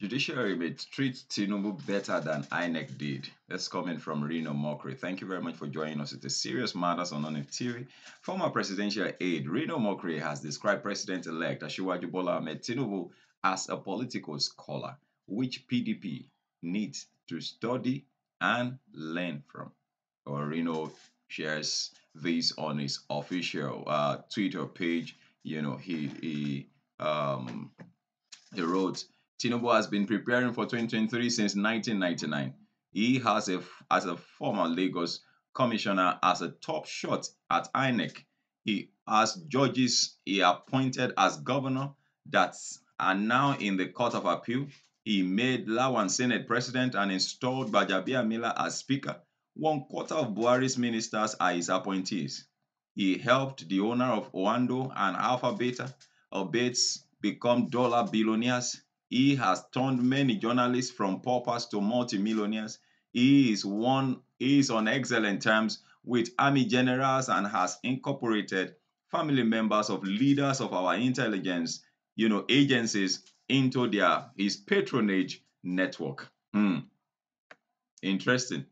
Judiciary may treat Tinubu better than INEC did. That's coming from Reno Mokri. Thank you very much for joining us. It's a serious matters on ONIF TV. Former presidential aide Reno Mokri has described President-elect Asiwaju Bola Ahmed Tinubu as a political scholar, which PDP needs to study and learn from. Or Reno shares this on his official uh, Twitter page. You know, he he um, he wrote. Tinubu has been preparing for 2023 since 1999. He has a, as a former Lagos commissioner as a top shot at INEC. He has judges he appointed as governor that are now in the Court of Appeal. He made Lawan Senate president and installed Bajabia Miller as speaker. One quarter of Buhari's ministers are his appointees. He helped the owner of Oando and Alpha Beta, Obates become dollar billionaires he has turned many journalists from paupers to multimillionaires. He is one he is on excellent terms with army generals and has incorporated family members of leaders of our intelligence, you know, agencies into their his patronage network. Hmm. Interesting.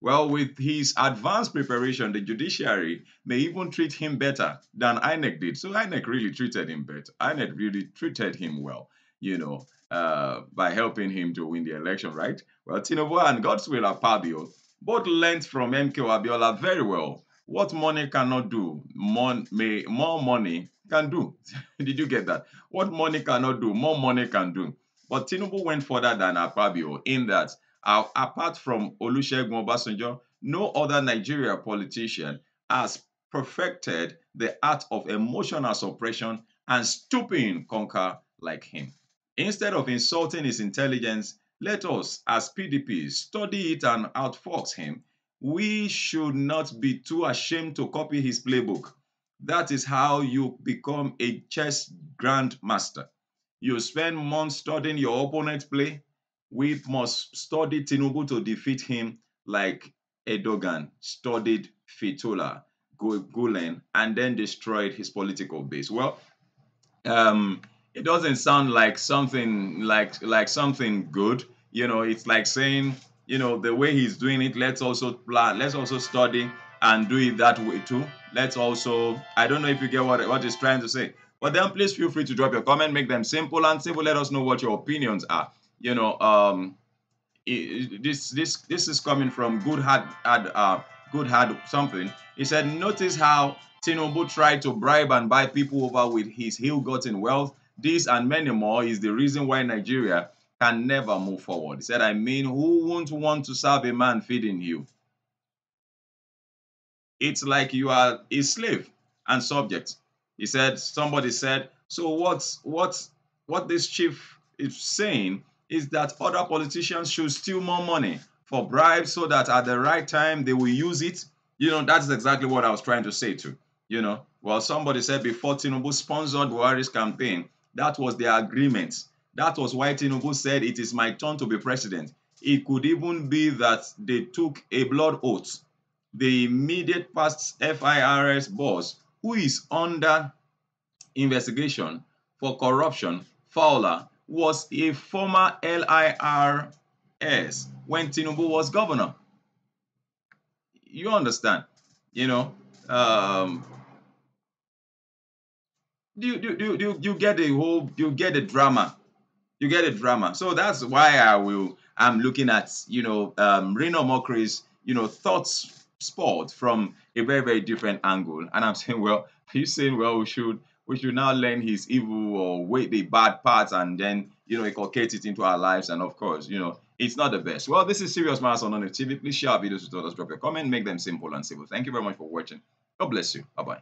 Well, with his advanced preparation, the judiciary may even treat him better than INEC did. So INEC really treated him better. INEC really treated him well you know, uh, by helping him to win the election, right? Well, Tinubu and Godswill Apabio both learned from MK Abiola very well what money cannot do, mon- may, more money can do. Did you get that? What money cannot do, more money can do. But Tinubu went further than Apabio in that, uh, apart from Olusegun Obasanjo, no other Nigeria politician has perfected the art of emotional suppression and stooping conquer like him. Instead of insulting his intelligence, let us, as PDP, study it and outfox him. We should not be too ashamed to copy his playbook. That is how you become a chess grandmaster. You spend months studying your opponent's play. We must study Tinubu to defeat him like Erdogan studied Fethullah Gulen and then destroyed his political base. Well, um, it doesn't sound like something like like something good you know it's like saying you know the way he's doing it let's also plan let's also study and do it that way too let's also i don't know if you get what what he's trying to say but then please feel free to drop your comment make them simple and simple let us know what your opinions are you know um it, this this this is coming from good had had uh good had something he said notice how Tinubu tried to bribe and buy people over with his ill-gotten wealth this and many more is the reason why Nigeria can never move forward. He said, I mean, who would not want to serve a man feeding you? It's like you are a slave and subject. He said, somebody said, so what's what what this chief is saying is that other politicians should steal more money for bribes so that at the right time they will use it. You know, that's exactly what I was trying to say too. You know, well, somebody said before Tinubu sponsored Buhari's campaign, that was their agreement. That was why Tinubu said, It is my turn to be president. It could even be that they took a blood oath. The immediate past FIRS boss, who is under investigation for corruption, Fowler, was a former LIRS when Tinubu was governor. You understand? You know, um, you you you you, you get the whole you get the drama you get the drama so that's why i will i'm looking at you know um reno mockery's you know thoughts sport from a very very different angle and i'm saying well are you saying well we should we should now learn his evil or wait the bad parts and then you know inculcate it into our lives and of course you know it's not the best well this is serious marathon on the tv please share our videos with others drop your comment make them simple and simple thank you very much for watching god bless you bye bye